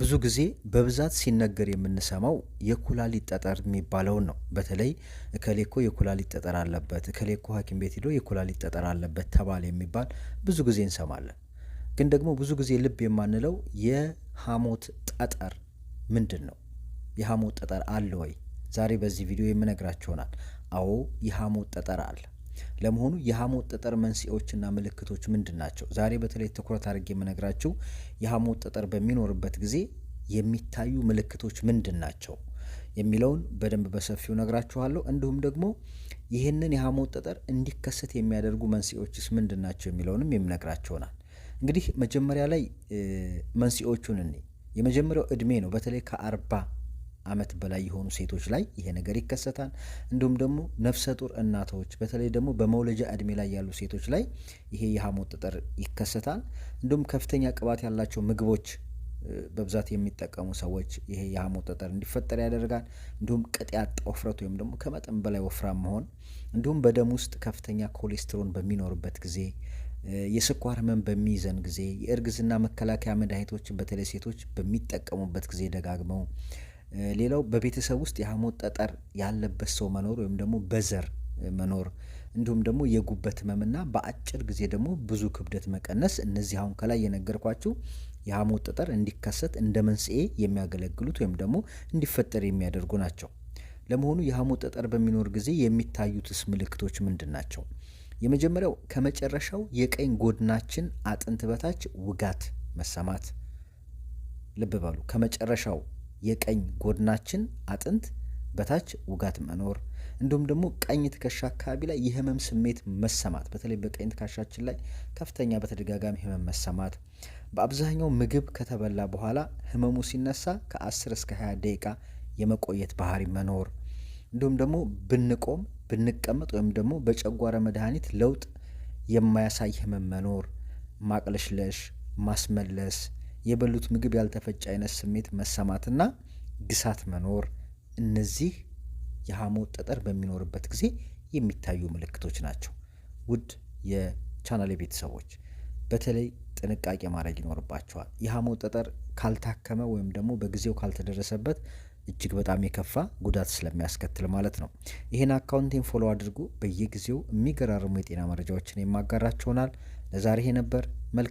ብዙ ጊዜ በብዛት ሲነገር የምንሰማው የኩላሊት ጠጠር የሚባለውን ነው። በተለይ እከሌኮ የኩላሊት ጠጠር አለበት፣ እከሌኮ ሐኪም ቤት ሄዶ የኩላሊት ጠጠር አለበት ተባለ የሚባል ብዙ ጊዜ እንሰማለን። ግን ደግሞ ብዙ ጊዜ ልብ የማንለው የሐሞት ጠጠር ምንድን ነው? የሐሞት ጠጠር አለ ወይ? ዛሬ በዚህ ቪዲዮ የምነግራችሁ ይሆናል። አዎ የሐሞት ጠጠር አለ። ለመሆኑ የሐሞት ጠጠር መንስኤዎችና ምልክቶች ምንድን ናቸው? ዛሬ በተለይ ትኩረት አድርጌ የምነግራችሁ የሐሞት ጠጠር በሚኖርበት ጊዜ የሚታዩ ምልክቶች ምንድን ናቸው የሚለውን በደንብ በሰፊው ነግራችኋለሁ። እንዲሁም ደግሞ ይህንን የሐሞት ጠጠር እንዲከሰት የሚያደርጉ መንስኤዎችስ ምንድን ናቸው የሚለውንም የምነግራችሁ እንግዲህ መጀመሪያ ላይ መንስኤዎቹን እኔ የመጀመሪያው እድሜ ነው። በተለይ ከአርባ ዓመት በላይ የሆኑ ሴቶች ላይ ይሄ ነገር ይከሰታል። እንዲሁም ደግሞ ነፍሰ ጡር እናቶች፣ በተለይ ደግሞ በመውለጃ እድሜ ላይ ያሉ ሴቶች ላይ ይሄ የሐሞት ጠጠር ይከሰታል። እንዲሁም ከፍተኛ ቅባት ያላቸው ምግቦች በብዛት የሚጠቀሙ ሰዎች ይሄ የሐሞት ጠጠር እንዲፈጠር ያደርጋል። እንዲሁም ቅጥ ያጣ ውፍረት ወይም ደግሞ ከመጠን በላይ ወፍራም መሆን፣ እንዲሁም በደም ውስጥ ከፍተኛ ኮሌስትሮን በሚኖርበት ጊዜ፣ የስኳር ህመም በሚይዘን ጊዜ፣ የእርግዝና መከላከያ መድኃኒቶችን በተለይ ሴቶች በሚጠቀሙበት ጊዜ ደጋግመው ሌላው በቤተሰብ ውስጥ የሐሞት ጠጠር ያለበት ሰው መኖር ወይም ደግሞ በዘር መኖር እንዲሁም ደግሞ የጉበት ህመምና በአጭር ጊዜ ደግሞ ብዙ ክብደት መቀነስ እነዚህ አሁን ከላይ የነገርኳችሁ የሐሞት ጠጠር እንዲከሰት እንደ መንስኤ የሚያገለግሉት ወይም ደግሞ እንዲፈጠር የሚያደርጉ ናቸው። ለመሆኑ የሐሞት ጠጠር በሚኖር ጊዜ የሚታዩትስ ምልክቶች ምንድን ናቸው? የመጀመሪያው ከመጨረሻው የቀኝ ጎድናችን አጥንት በታች ውጋት መሰማት። ልብ በሉ ከመጨረሻው የቀኝ ጎድናችን አጥንት በታች ውጋት መኖር እንዲሁም ደግሞ ቀኝ ትከሻ አካባቢ ላይ የህመም ስሜት መሰማት፣ በተለይ በቀኝ ትከሻችን ላይ ከፍተኛ በተደጋጋሚ ህመም መሰማት፣ በአብዛኛው ምግብ ከተበላ በኋላ ህመሙ ሲነሳ ከ10 እስከ 20 ደቂቃ የመቆየት ባህሪ መኖር፣ እንዲሁም ደግሞ ብንቆም ብንቀመጥ ወይም ደግሞ በጨጓራ መድኃኒት ለውጥ የማያሳይ ህመም መኖር፣ ማቅለሽለሽ፣ ማስመለስ የበሉት ምግብ ያልተፈጨ አይነት ስሜት መሰማትና ግሳት መኖር እነዚህ የሐሞት ጠጠር በሚኖርበት ጊዜ የሚታዩ ምልክቶች ናቸው። ውድ የቻናሌ ቤተሰቦች በተለይ ጥንቃቄ ማድረግ ይኖርባቸዋል። የሐሞት ጠጠር ካልታከመ ወይም ደግሞ በጊዜው ካልተደረሰበት እጅግ በጣም የከፋ ጉዳት ስለሚያስከትል ማለት ነው። ይህን አካውንቴን ፎሎ አድርጉ። በየጊዜው የሚገራርሙ የጤና መረጃዎችን የማጋራችሁናል። ለዛሬ ነበር ነበር።